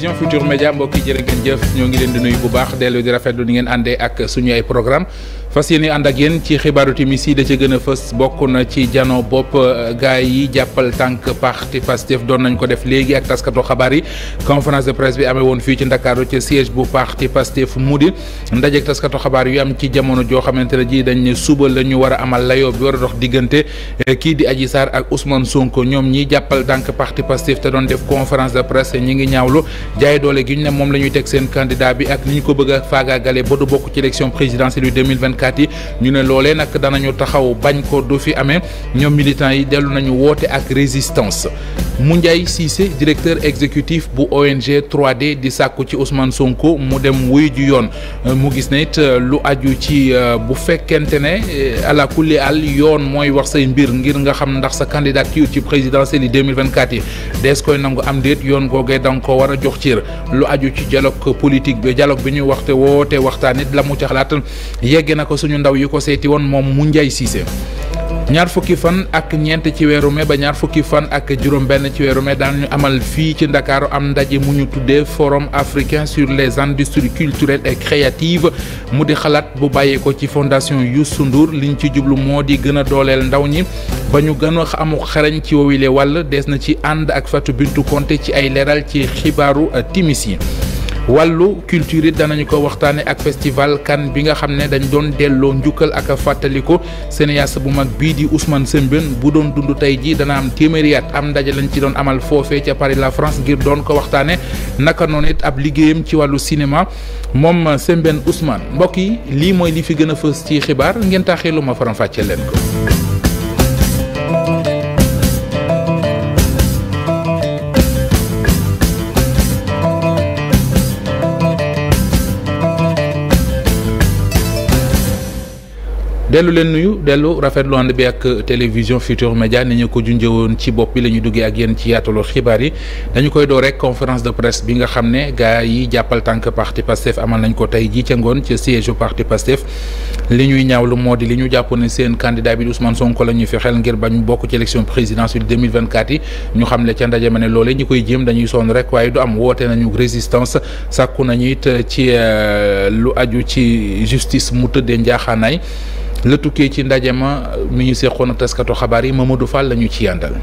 télévision Futur Média mbokk yi ngeen jëf ñoo ngi leen di nuyu bu baax dellu di rafetlu ni ngeen àndee ak suñu ay programme fas yéene ànd ak yéen ci xibaaru timis yi da ca a fës bokk na ci jano bopp euh, gaay yi jàppal tànk parti Pastef doon nañ ko def léegi ak taskatu xabaar yi conférence de presse bi amee woon fii ci Ndakaaru ca siège bu parti Pastef mu di ndajeek taskatu xabaar yu am ci jamono joo xamante ne ji dañ ne suba la ñu war a amal layoo bi war a euh, kii di Adji Sarr ak Ousmane Sonko ñoom ñi jàppal tànk parti Pastef te doon def conférence de presse ñi ngi ñaawlu jaay doole gi ñu ne moom la ñuy teg seen candidat bi ak ni ñu ko bëgg a faagaagale ba du bokk ci élection présidentielle yu 2024 yi ñu ne loolee nag danañu taxaw bañ ko du fi amee ñoom militants yi dellu nañu woote ak résistance Moundiaye Cissé directeur exécutif bu ONG 3D di sàkku ci Ousmane Sonko mu dem wuy ju yoon mu gis na it lu aju ci euh, bu fekkente ne euh, ala kulli al yoon mooy wax say mbir ngir nga xam ndax sa candidature ci présidentielle yi 2024 yi dees koy nangu am yoon googee danga ko a jox ci lu aju ci dialogue politique bi dialogue bi ñuy waxte woote waxtaan it la mu ca xalaat yegg na ko suñu ndaw yi ko seeti woon moom mu Ndiaye Cissé ñaar fukki fan ak ñeent ci weeru mai ba ñaar fukki fan ak juróom benn ci weeru mai daan ñu amal fii ci ndakaaru am ndaje mu ñu tuddee forum africain sur les industries culturelles et créatives mu di xalaat bu ko ci fondation Youssou Ndour liñ ci jublu moo di gën a dooleel ndaw ñi ba ñu gën a amu xarañ ci woowile wàll des na ci ànd ak Fatou bintu Conté ci ay leeral ci xibaaru timis yi wallu culture it danañu ko waxtaane ak festival kan bi nga xam ne dañ doon delloo njukkal ak fàttaliku cinéaste bu mag bii di Ousmane Sembène bu doon dund tey ji dana am téeméeri at am ndaje lañ ci doon amal foofe ca Paris la France ngir doon ko waxtaane naka noonu it ab liggéeyam ci wàllu cinéma moom Sembène Ousmane mbokk yi lii mooy li fi gën a fës ci xibaar ngeen taaxee lu ma faram fàccee leen ko dellu leen nuyu dellu rafetlu ànd bi ak euh, télévision Futur Média ni ñu ko junjëwoon ci bopp bi la ñu duggee ak yéen ci yaatalu xibaar yi dañu koy door rek conférence de presse bi nga xam ne gars yi jàppal tànk parti Pastef amal nañ ko tey jii ca ngoon ca siège parti Pastef li ñuy ñaawlu moo di li ñu jàpp ne seen candidat bi Ousmane Sonko la ñuy fexeel ngir bañ bokk ci élection présidentielle 2024 yi ñu xam ne ca ndaje ma ne loole ñi koy jéem dañuy sonn rek waaye du am woote nañu résistance sàkku nañu it ci euh, lu aju ci justice mu tëddee njaaxaanaay la tukkee ci ndaje ma mi ñu seqoon ak taskatu xabaar yi Mamadou Fall la ñu ci yàndal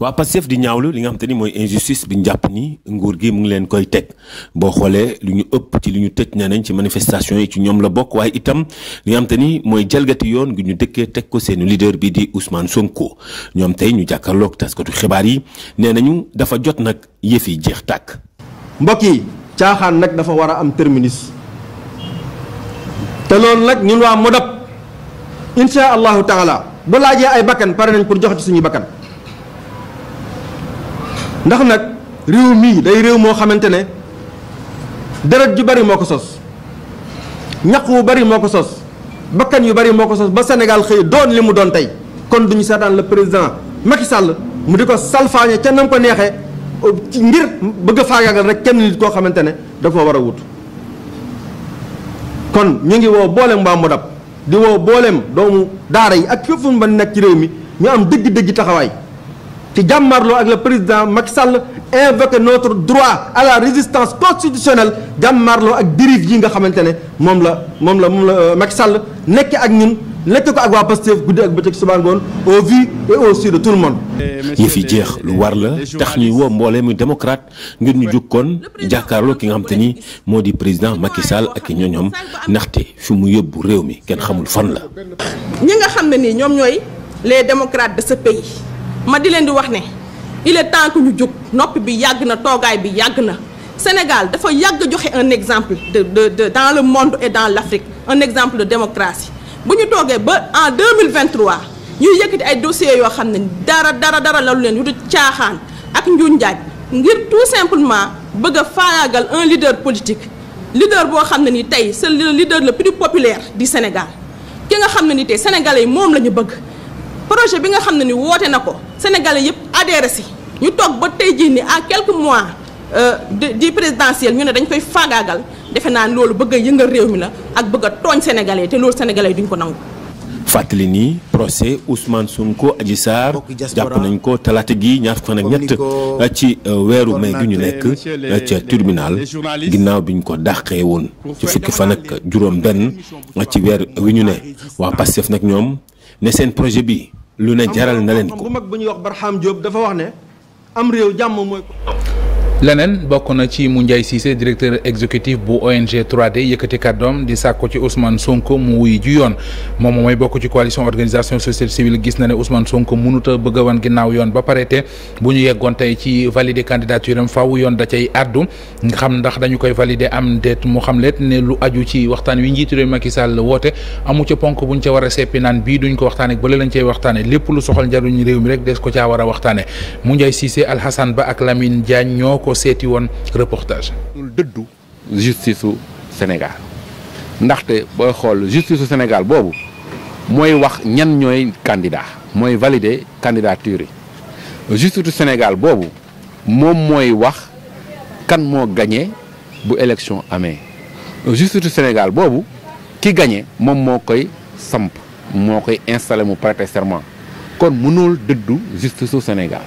waa Pastef di ñaawlu li nga xam te ni mooy injustice bi ñu ni nguur gi mu ngi leen koy teg boo xoolee lu ñu ëpp ci li ñu tëj nee nañ ci manifestation yi ci ñoom la bokk waaye itam li nga xam te ni mooy jalgati yoon gi ñu dëkkee teg ko seenu leader bi di Ousmane Sonko ñoom tey ñu jàkkaarloog taskatu xibaar yi nee nañu dafa jot nag yëf yi jeex tàkk. mbokk yi caaxaan nag dafa war a am terminus insha allahu taala bu laajee ay bakkan pare nañ pour joxe ci suñuy bakkan ndax nag réew mii day réew moo xamante ne deret ju bari moo ko sos ñaq wu bari moo ko sos bakkan yu bari moo ko sos ba Sénégal xëy doon li mu doon tey kon duñu seetaan le président Macky Sall mu di ko salfaañe ca nam ko neexee ngir bëgg a faagaagal rek kenn nit koo xamante ne dafa war a wut kon ñu ngi woo boole mbaam mu dab di booleem doomu daara yi ak fépp fu mu nekk ci réew mi ñu am dëgg-dëgg taxawaay ci jàmmarloo ak le président Macky Sall invoqué notre droit à la résistance constitutionnelle jàmmarloo ak dérive yi nga xamante ne moom la moom la moom la euh, mag Sall nekk ak ñun. lekk ak waa Pastef guddi ak bëccëg suba ngoon au vu et au su de tout le monde. yëf yi jeex lu war la tax ñuy woo mboolee muy démocrate ngir ñu jóg kon jàkkaarloo ki nga xam ni moo di président Macky Sall ak ñoñom naxte fi mu yóbbu réew mi kenn xamul fan la. ñi nga xam ne ni ñoom ñooy les démocrates de sa pays ma di leen di wax ne il est temps que ñu jóg noppi bi yàgg na toogaay bi yàgg na. Sénégal dafa yàgg joxe un exemple de de de dans le monde et dans l'Afrique un exemple de démocratie bu ñu toogee ba en 2023 yëkk yëkkati ay dossiers yoo xam ne dara dara dara lalu leen yu du caaxaan ak njuñ njaaj ngir tout simplement bëgg a faagaagal un leader politique leader boo xam ne ni tey c'est le leader le plus di Sénégal ki nga xam ne ni tey sénégalais yi moom la bëgg projet bi nga xam ne ni woote na ko sénégalais yëpp adhéré si ñu toog ba tey ji ni ak quelques mois Euh, di présidentielle ñu ne dañ koy faagaagal defe naa loolu bëgg a yëngal réew mi la ak bëgg a tooñ sénégalais te loolu sénégalais duñ ko nangu. fàttali ni procès Ousmane Sonko Adji Sarr jàpp nañ ko talaate gi ñaar fan ak ñett ci euh, weeru mai gi ñu nekk euh, ca tribunal ginnaaw bi ñu ko dàqee woon ci fukki fan ak juróom-benn ci weer wi ñu ne waa Pastef nag ñoom ne seen projet bi lu ne jaral na leen ko. bu mag bu ñuy wax Barham Diop dafa wax ne am réew jàmm mooy ko leneen bokk na ci Moundiaye Cissé directeur exécutif bu ONG 3D yëkkati di sàkku ci Ousmane Sonko wuy ju yoon moom mooy bokk ci coalition organisation société civile gis na ne Ousmane Sonko mënut a bëgg a wan yoon ba pare te bu ñu yeggoon tey ci valider candidature am faaw yoon da cay àddu nga xam ndax dañu koy valider am déet mu xam leet ne lu aju ci waxtaan wi njiitu réew Macky Sall woote amu ca ponk buñ ca war a seppi naan bii duñ ko waxtaanee bële lañ cay waxtaanee lépp lu soxal njariñ réew mi rek des ko caa war a waxtaanee Moundiaye Cissé Alhassane Ba ak Lamine Diagne ñoo koo seeti woon reportage. dëddu justisu Sénégal ndaxte booy xool justice su Sénégal boobu mooy wax ñan ñooy candidat mooy valider candidature yi justice Sénégal boobu moom mooy wax kan moo gagné bu élection amee justice Sénégal boobu ki gagné moom moo koy samp moo koy installé mu prêter serment kon mënul dëddu justice Sénégal.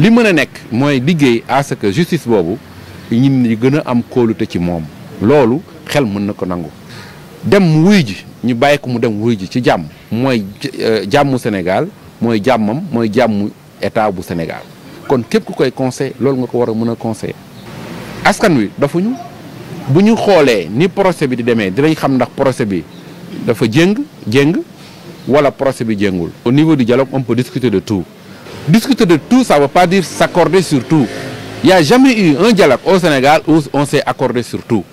li mën a nekk mooy liggéey à ce que justice boobu ñun ñu gën a am kóolute ci moom loolu xel mën na ko nangu dem wuy ji ñu bàyyi ko mu dem wuy ji ci jàmm mooy euh, jàmmu Sénégal mooy jàmmam mooy jàmmu état bu Sénégal kon képp ku koy conseil loolu nga ko war a mën a conseiller askan wi dafa ñu bu ñu xoolee ni procès bi di demee dinañ xam ndax procès bi dafa jëng jéng wala procès bi jéngul au niveau du dialogue on peut de tout Discuter de tout, ça ne veut pas dire s'accorder sur tout. jamais eu un dialogue au Sénégal où on s'est accordé surtout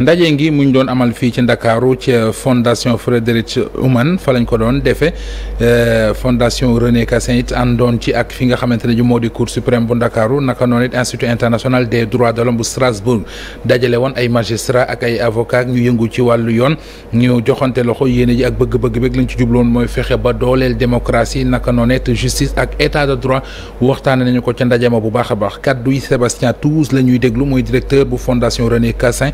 ndaje ngi muñ doon amal fii ci ndakaaru ci euh, fondation Frédéric Houman fa lañ ko doon defee euh, fondation René Cassin it àndoon ci ak fi nga xamante ne ji moo di cour suprême bu ndakaaru naka noon it institut international des droits de l'homme bu Strasbourg dajale woon ay magistrats ak ay avocats ñu yëngu ci wàllu yoon ñu joxante loxo yéene ji ak bëgg-bëgg beeg lañ ci jubloon mooy fexe ba dooleel démocratie naka noonu it justice ak état de droit waxtaane nañu ko ca ndaje ma bu baax a baax kaddu yi Sébastien Touze la ñuy déglu mooy directeur bu fondation René Cassin.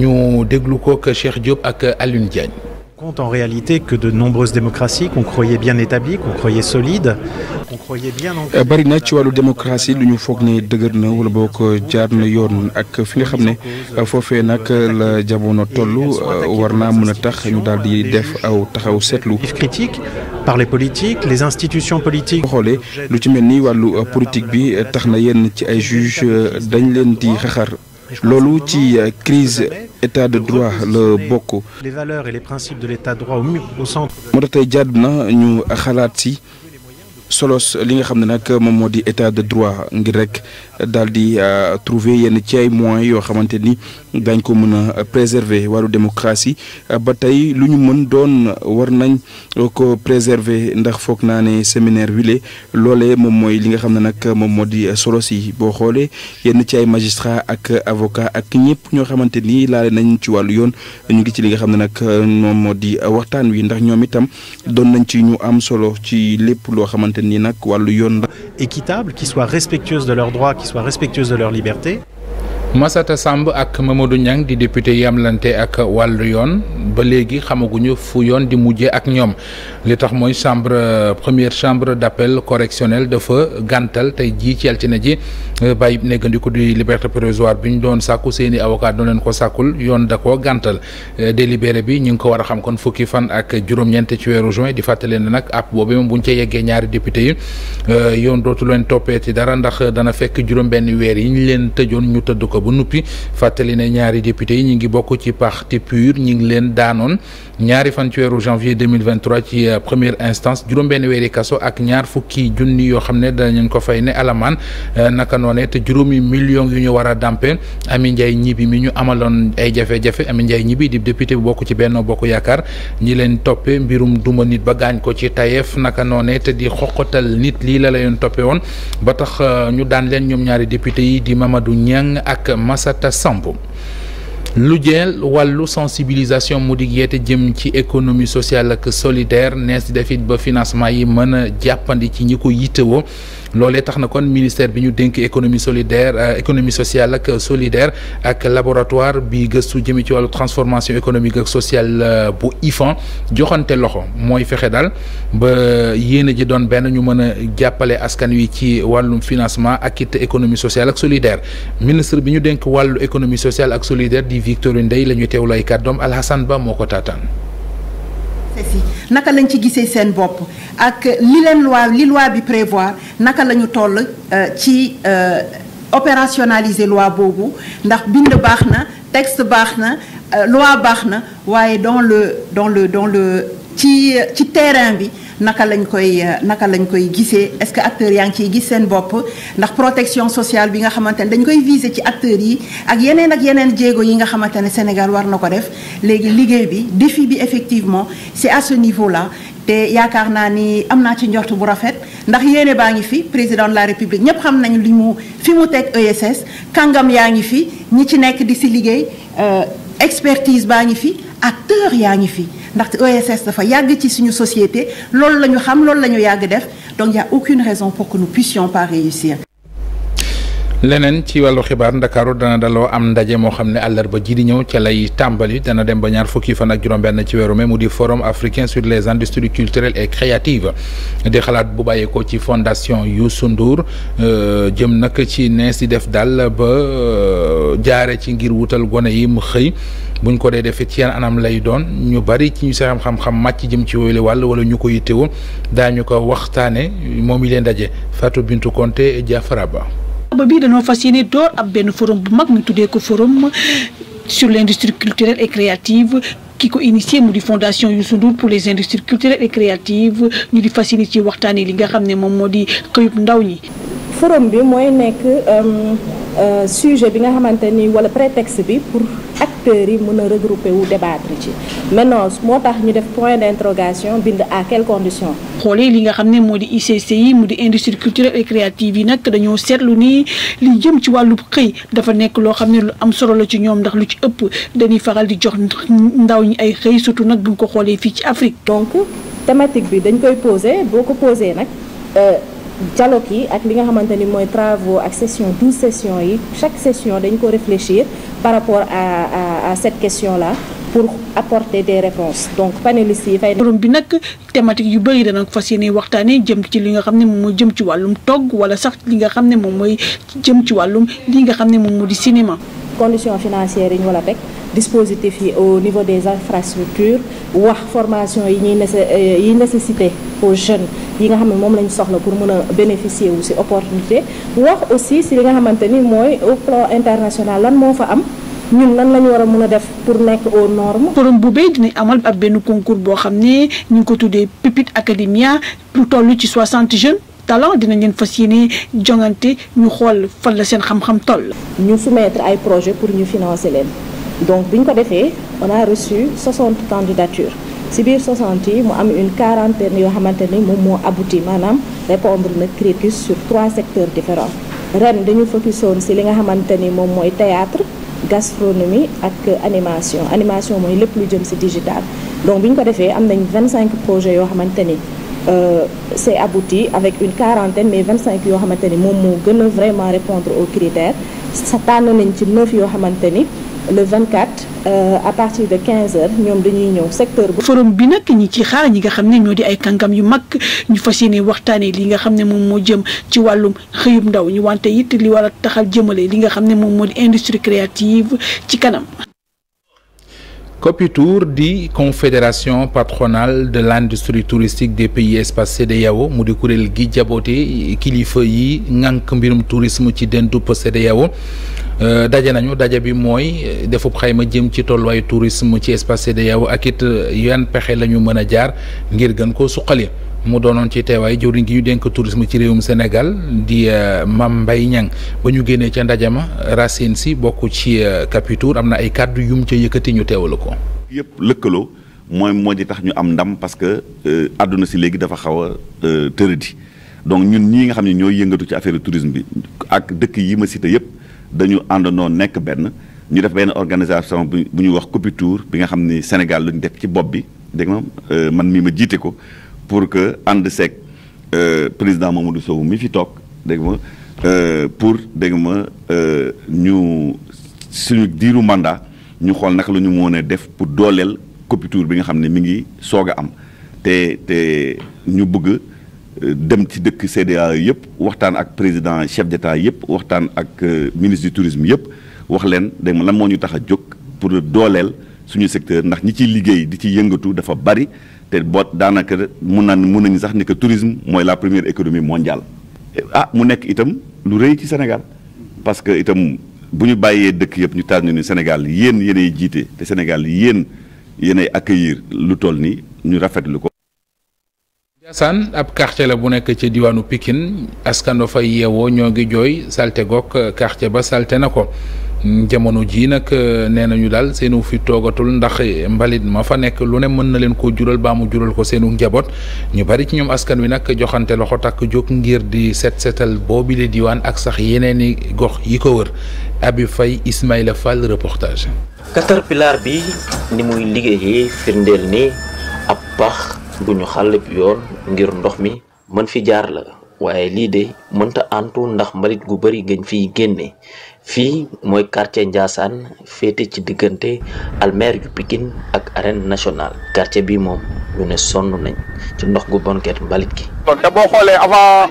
ñu déglu ko ak Cheikh Diop ak Alioune Diagne. compte en réalité que de nombreuses démocraties qu'on croyait bien établies qu'on croyait solides qu'on croyait bien euh, bari na ci wàllu démocratie lu ñu foog ne dëgër na wala boo ko jaar na yoon ak fi nga xam ne euh, foofee nag la jamono toll euh, war naa mën a tax ñu daal di def aw taxaw seetlu. critique par les politiques les institutions politiques. xoolee lu ci mel ni wàllu politique bi tax na yenn ci ay juges dañ leen di xaxar loolu ci crise état de droit la bokk. les valeurs et les principes de l'état moo tax tey jàdd na ñu xalaat si solos li nga xam ne nag moom moo di état de droit ngir rek daal di euh, trouver yenn ci ay moyens yoo xamante ni dañ ko mën a préserver wàllu démocratie ba tey lu ñu mën doon war nañ ko préserver ndax foog naa ne séminaire wile loole moom mooy li nga xam ne nag moom moo di solo si boo xoolee yenn ci ay magistrat ak avocat ak ñëpp ñoo xamante nii laale nañ ci wàllu yoon ñu ngi ci li nga xam ne nag moom moo di waxtaan wi ndax ñoom itam doon nañ ci ñu am solo ci lépp loo xamante nii nag wàllu yoon la équitable qui soit respectueuse de leurs soient respectueuses de leur liberté. Massata Samb ak Mamadou Niang di député yamlante ak wàllu yoon ba léegi xamaguñu fu yoon di mujjee ak ñoom li tax mooy chambre première chambre d'appel correctionnelle dafa gantal tey jii ci altine ji bàyyi néggandiku di liberté provisoire bi ñu doon sàkku seeni avocat doon leen ko sàkkul yoon da koo gàntal eh, délibéré bi ñu ngi ko war a xam kon fukki fan ak juróom-ñeent ci weeru juin di fàttali ne nag app boobu moom bu ñu ca yeggee ñaari député yi eh, yoon dootu leen toppeeti dara ndax dana fekk juróom benni weer yi ñu leen tëjoon ñu tëdd ko ba nuppi fàttali ne ñaari député yi ñu ngi bokk ci parti pur ñu daanoon ñaari fan ci weeru janvier 2023 ci euh, première instance juróom-benn weeri kaso ak ñaar fukki junni yoo xam ne danañ ko fay ne alamaan euh, naka noonee te juróomi million yu ñu war a dàmpe Ami Ndiaye ñibi mi ñu amaloon ay jafe-jafe Ami Ndiaye ñibi di député bu bokk ci Benno Bokk Yaakaar ñi leen toppe mbirum duma nit ba gaañ ko ci tayeef naka noonee te di xoqatal nit lii la la layoon toppe woon ba tax euh, ñu daan leen ñoom ñaari député yi di Mamadou Niang ak Massata Samb lu jeel wàllu sensibilisation mu di yeete jëm ci économie sociale ak solidaire nees defit ba financement yi mën a jàppandi ci ñi ko yittewoo loolee tax na kon ministère bi ñu dénk économie solidaire euh, économie sociale ak euh, solidaire ak laboratoire bi gëstu jëmee ci wàllu transformation économique ak sociale euh, bu IFAN joxante loxo mooy fexe daal ba yéene ji doon benn ñu mën a jàppale askan wi ci wàllu financement ak it économie sociale ak solidaire ministre bi ñu dénk wàllu économie sociale ak solidaire di Victorine Ndeye la ñuy teewloo ay kàddoom Alhassane Ba moo ko taataan naka lañ ci gisee seen bopp ak li leen loi li loi bi prévoir naka lañu toll euh, ci euh, opérationnaliser loi boobu ndax bind baax na texte baax na euh, loi baax na waaye dans le dans le dans le ci ci terrain bi naka lañ koy naka lañ koy gisee est-ce que acteurs yaa ngi ciy gis seen bopp ndax protection sociale bi nga xamante ne dañ koy viser ci acteurs yi ak yeneen ak yeneen jéego yi nga xamante ne Sénégal war na ko def léegi liggéey bi défi bi effectivement c'est à ce niveau-là te yaakaar naa ni am naa ci njort bu rafet ndax yéene baa ngi fi président de la république ñëpp xam nañu li mu fi mu teg ESS kàngam yaa ngi fi ñi ci nekk di si liggéey euh, expertise baa ngi fi acteur yaa ngi fi ndaxte ESS dafa yàgg ci suñu société loolu la ñu xam loolu la ñu yàgg def donc il y a aucune raison pour que nous puissions pas réussir leneen ci wàllu xibaar ndakaaru dana daloo am ndaje moo xam ne àllarba ji di ñëw ca lay tàmbali dana dem ba ñaar fukki fan ak juróom-benn ci weeru mai mu di forum africain sur les industries culturelles et créatives di xalaat bu bàyyeekoo ci fondation Youssou Ndour euh, jëm nag ci nees di def daal ba euh, jaare ci ngir wutal gone yi mu xëy buñ ko dee def ci yan anam lay doon ñu bari ci ñu sa xam-xam màcc jëm ci wooyu wàll wala ñu ko yittewoo daañu ko waxtaane moom yi leen ndaje Fatou Bintou Konté àllarba bi dañoo fas yéene door ab benn forum bu mag ñu tuddee ko forum sur l'industrie culturelle et créative ki ko initier mu di fondation yu Ndour pour les industries culturelles et créatives ñu di fas yéene ci waxtaanee li nga xam ne moom moo di xëyub ndaw ñi. forum bi mooy nekk euh, euh, sujet bi nga xamante ni wala prétexte bi pour acteurs yi mën a regrouper wu débattre ci maintenant moo tax ñu def point d'interrogation bind à quelles conditions. xoolee li nga xam ne moo di ICC yi mu di industrie culturelle et créative yi nag dañoo seetlu ni li jëm ci wàllu xëy dafa nekk loo xam ne lu am solo la ci ñoom ndax lu ci ëpp dañuy faral di jox ndaw ñi ay xëy surtout nag bu ñu ko xoolee fii ci Afrique. donc thématique bi dañ koy poser boo ko poser nag. Euh, dialogue yi ak li nga xamante ni mooy travaux ak session douze sessions yi chaque session dañ ko réfléchir par rapport à à, à cette question là pour apporter des réponses donc panélistes yi fay. forum bi nag thématique yu bëri dana fas yéene waxtaanee jëm ci li nga xam ne moom moo jëm ci wàllum togg wala sax li nga xam ne moom mooy jëm ci wàllum li nga xam ne moom moo di cinéma. condition financières yi ñu war a teg dispositif yi au niveau des infrastructures wax formation yi ñuy euh, nécessité aux jeunes. yi nga xam ne moom lañ soxla pour mën a bénéficier wu ci opportunité wax aussi si li nga xamante ni mooy au plan international lan moo fa am ñun nan lañu war a mën a def pour nekk aux normes. forum bu béy dinañ amal ab benn concours boo xam ne ñu ko tuddee Pépite Academia lu toll ci 60 jeunes talent dinañ leen fas yéene jongante ñu xool fan la seen xam-xam toll. ñu soumettre ay projet pour ñu financer leen donc bi ñu ko defee on a reçu 60 candidatures. si biir 60 yi mu am une quarantaine yoo xamante ni moom moo abouti maanaam répondre na critique sur trois secteurs différents ren dañu focus woon si li nga xamante ni moom mooy théâtre gastronomie ak animation animation mooy lépp lu jëm si digital donc bi ñu ko defee am nañ vingt cinq projet yoo xamante ni Euh, c'est abouti avec une quarantaine mais vingt cinq yoo xamante ni moom moo gën a vraiment répondre au critères sa tànn nañ ci 9 yoo xamante ni le 24 euh, à partir de 15 heures ñoom dañuy ñëw secteur bu. forum bi nag ñi ci xaar ñi nga xam ne ñoo di ay kàngam yu mag ñu fas yéene waxtaanee li nga xam ne moom moo jëm ci wàllum xëyub ndaw ñu wante it li war a taxal jëmale li nga xam ne moom moo di industrie créative ci kanam. COPITOUR di confédération patronale de l'industrie touristique des pays espace CEDEAO mu di kuréel gi jaboote kilifa yi ŋànk mbirum tourisme ci den dupp CEDEAO euh, daje nañu daje bi mooy euh, defub xayma jëm ci tolluwaayu tourisme ci espace CEDEAO ak it euh, yan pexe la ñu mën a jaar ngir gën koo suqali mu doonoon ci teewaay jëwriñ gi ñu dénk tourisme ci réewum Sénégal di euh, Mame mbay Niang ba ñu génnee ca ndaje ma rasin si bokk ci euh, Capitour am na ay kàddu yum ca yëkkati ñu teewale ko. yëpp lëkkaloo mooy moo ji tax ñu am ndam parce que euh, àdduna si léegi dafa xaw a tëradi donc ñun ñii nga xam ne ñoo yëngatu ci affaire tourisme bi ak dëkk yi ma cité yëpp dañu àndandoo nekk benn ñu def benn organisation bu ñu wax Capitour bi nga xam ni Sénégal lañu def ci bopp bi dégg nga man mii ma jiite ko. pour que ànd seeg euh, président Mamadou Sow mi fi toog dégg ma euh, pour dégg ma euh, ñu suñu diiru mandat ñu xool naka la ñu mën a def pour dooleel copiture bi nga xam ne mi ngi soog a am te te ñu bëgg dem ci dëkk CEDEAO yëpp waxtaan ak président chef d'état yëpp waxtaan ak ministre du tourisme yëpp wax leen dégg ma la moo ñu tax a jóg pour dooleel. suñu secteur ndax ñi ciy liggéey di ci yëngatu dafa bari te boot daanaka mun naan mun nañu sax ni que tourisme mooy la première économie mondiale. ah mu nekk itam lu rëy ci Sénégal parce que itam bu ñu bàyyee dëkk yëpp ñu taal ñu ni Sénégal yéen yéenay jiite te Sénégal yéen yéenay accueillir lu toll nii ñu rafetlu ko. Ndiassane ab quartier la bu nekk ci diwaanu Pikine askan fay yeewoo ñoo ngi jooy salte goog quartier ba salte na ko. jamono jii nag euh, nee nañu daal seenu fi toogatul ndax mbalit ma fa nekk lu ne mën na leen ko jural baa mu jural ko seenu njaboot ñu bari ci ñoom askan wi nag joxante loxo takk jóg ngir di set seetal boo le diwaan ak sax yeneen i gox yi ko wër Abi Faye Ismaïla Fall reportage. Caterpillar bi ni muy liggéeyee firndeel ni ab pax bu ñu xàll yoon ngir ndox mi mën fi jaar la waaye lii de mënta antu ndax mbalit gu bari gën fiy génne. fii mooy quartier Ndiassane féete ci diggante almer yu Pikine ak arène nationale quartier bi moom ñu ne sonn nañ ci ndox gu bonket mbalit gi. te boo xoole avant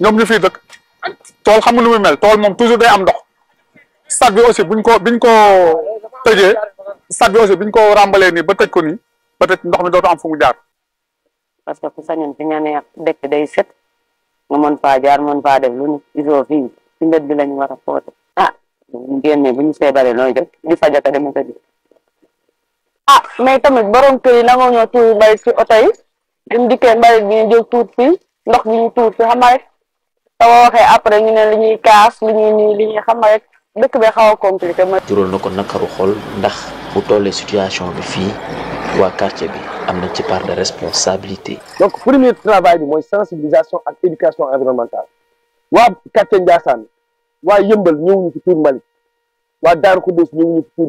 ñoom ñu fii dëkk tool xam nga lu muy mel tool moom toujours day am ndox stade bi aussi buñ ko biñ ko tëjee stade biñ ko ràmbalee nii ba tëj ko nii ba tëj ndox mi dootu am fu mu jaar. parce que ku sañoon fi nga neex dëkk day set nga mën faa jaar mën faa def lu ñu gisoo fii ci mbedd bi lañu war a foote. bu génnee bu ñu feebaree nooy def di fajata dem sa biir ah mais tamit borom kër yi nangoo ñoo tuur mbalit ci oto yi duñ dikkee mbalit bi ñu jël tuur fii ndox bi ñu tuur fii xam nga rek soo waxee après ñu ne li ñuy kaas li ñuy nii li ñuy xam rek dëkk bi xaw a compliqué ma na ko nakaru xol ndax bu tollee situation bi fii waa quartier bi am nañ ci part de responsabilité donc premier travail bi mooy sensibilisation ak éducation environnementale waa quartier Ndiassane waa yëmbal ñëwuñu fi tuur mbalit waa Daaru Xudoos ñëwuñu fi tuur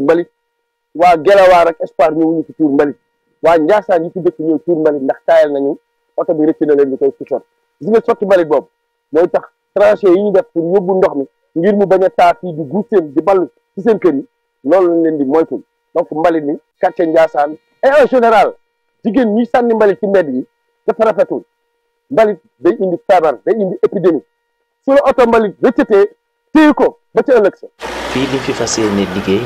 waa Gelawaar ak Espoir ñëwuñu fi tuur mbalit waa Njaasaan yi fi dëkk ñëw tuur mbalit ndax taayal nañu oto bi rëcc leen ñu koy ci sotti gis nga sotti mbalit boobu mooy tax tranchées yi ñu def pour yóbbu ndox mi ngir mu bañ a taa fii di guus seen di ballu ci seen kër yi loolu leen di moytul donc mbalit mi quartier Njaasaan et en général jigéen ñi sànni mbalit ci mbedd yi dafa rafetul mbalit day indi feebar day indi épidémie su téye ko ba ci ëllëg sa. fii li fi fas yéene liggéey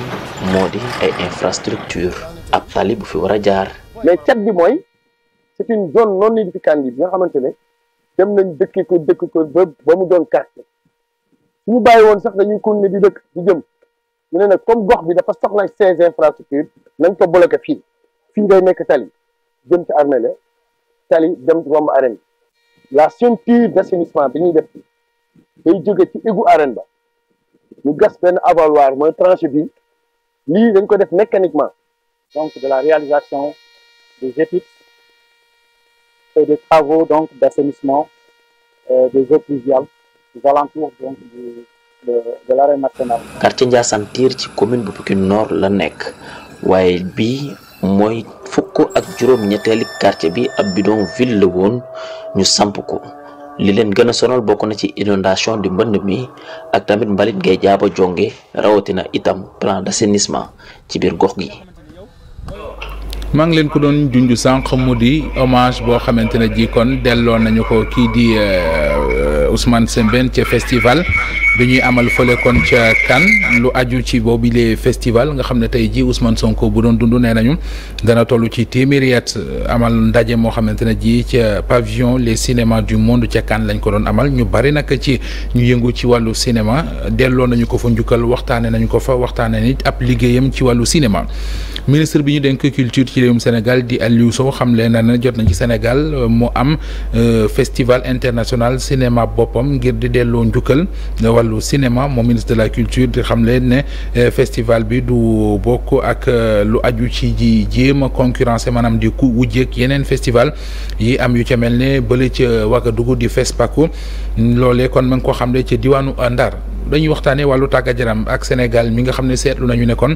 moo di ay infrastructure ab tali bu fi war a jaar. mais cat bi mooy c'est une zone non aedificandi bi nga xamante ne dem nañ dëkk ko dëkk ko ba ba mu doon quartier su ñu bàyyi woon sax dañuy continuer di dëkk di jëm ñu ne na comme gox bi dafa soxla ces infrastructures nañ ko bloqué fii fii day nekk tali jëm ci armée la tali dem ci romb arène la ceinture d'assainissement bi ñuy def day jóge ci égout arène ba. ñu gas benn avaloir mooy tranché bi lii dañ ko def mécaniquement donc de la réalisation des études et des travaux donc d' assainissement euh, des eaux pluviales aux alentours donc de de nationale. quartier Ndiassane Tyr ci commune bu Pikine Nord la nekk waaye bii mooy fukk ak juróom-ñetteeli quartier bi ab bidon ville la woon ñu samp ko. li leen gën a sonal bokk na ci inondation di mbënd mi ak tamit mbalit ngay jaaba jonge rawatina itam plan de d'assainissement ci biir gox gi. maa ngi leen ko doon junj sànq mu di hommage boo xamante ne ji kon delloo nañu ko kii di euh, Ousmane Sembène ca festival. bi ñuy amal fële kon ca kan lu aju ci boobu boobile festival nga xam ne tey jii Ousmane Sonko bu doon dund nee nañu dana tollu ci téeméeri at amal ndaje moo xamante ne jii ca pavillon les cinémas du monde ca Cannes lañ ko doon amal ñu bari nag ci ñu yëngu ci wàllu cinéma delloo nañu ko fa njukkal waxtaane nañu ko fa waxtaane nit ab liggéeyam ci wàllu cinéma ministre bi ñu denk culture ci réewum Sénégal di Aliou xam xamle na ne jot nañ ci Sénégal mu am euh, festival international cinéma boppam ngir di delloo njukkal. lu cinéma moom ministre de la culture di xam leen ne eh, festival bi du bokk ak eh, lu aju ci ji jéem a concurrence maanaam di ku wujjeek yeneen festival yi am yu ca mel ne bële ca Wagadugu di FESPACO loole kon ma ko xam ne ca diwaanu Ndar dañuy waxtaanee wàllu tàggat yaram ak Sénégal mi nga xam ne seetlu nañu ne kon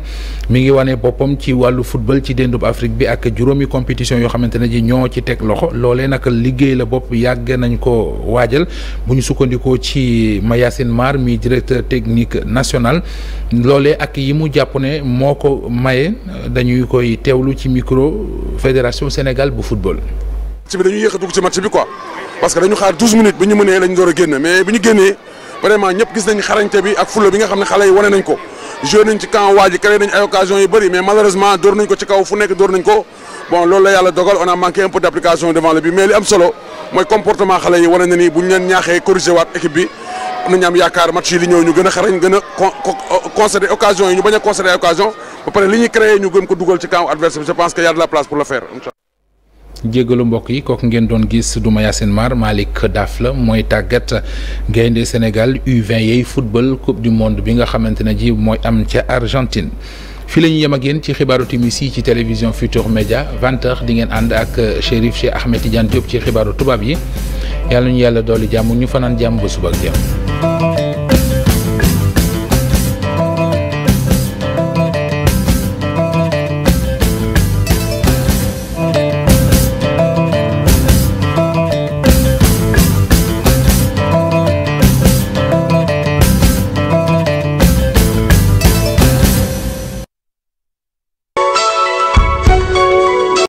mi ngi wane boppam ci wàllu football ci déndub Afrique bi ak juróomi compétition yoo xamante ne ñoo ci teg loxo loolee nag liggéey la bopp yàgg nañ ko waajal bu ñu sukkandikoo ci ma Mayacine Mar mi directeur technique national loolee ak yi mu jàpp ne moo ko maye dañuy koy teewlu ci micro fédération Sénégal bu football. bi dañuy yéex dugg ci match bi quoi parce dañu xaar vraiment ñëpp gis nañ xarañte bi ak fulla bi nga xam ne xale yi wane nañ ko joué ci camp waa ji créé ay occasion yu bëri mais malheureusement door nañ ko ci kaw fu nekk door nañ ko bon loolu la yàlla dogal on a manqué un peu devant le but mais li am solo mooy comportement xale yi wane na ni buñ leen ñaaxee corrigé waat équipe bi am nañu am yaakaar match li ñëw ñu gën xarañ gën a occasion yi ñu bañ a concéder jéggalu mbokk yi kooku ngeen doon gis Douma Yacine Mar Malick daaf la mooy tàggat gaynde Sénégal U20 yeey football coupe du monde bi nga xamante ne ji mooy am ca Argentine fii la ñu yem ak yéen ci xibaaru timis yi ci télévision Futur Média 20h di ngeen ànd ak Chérif Cheikh Ahmed Tidiane Diop ci xibaaru tubaab yi yàlla ñu yàlla dooli jàmm ñu fanaan jàmm ba suba ak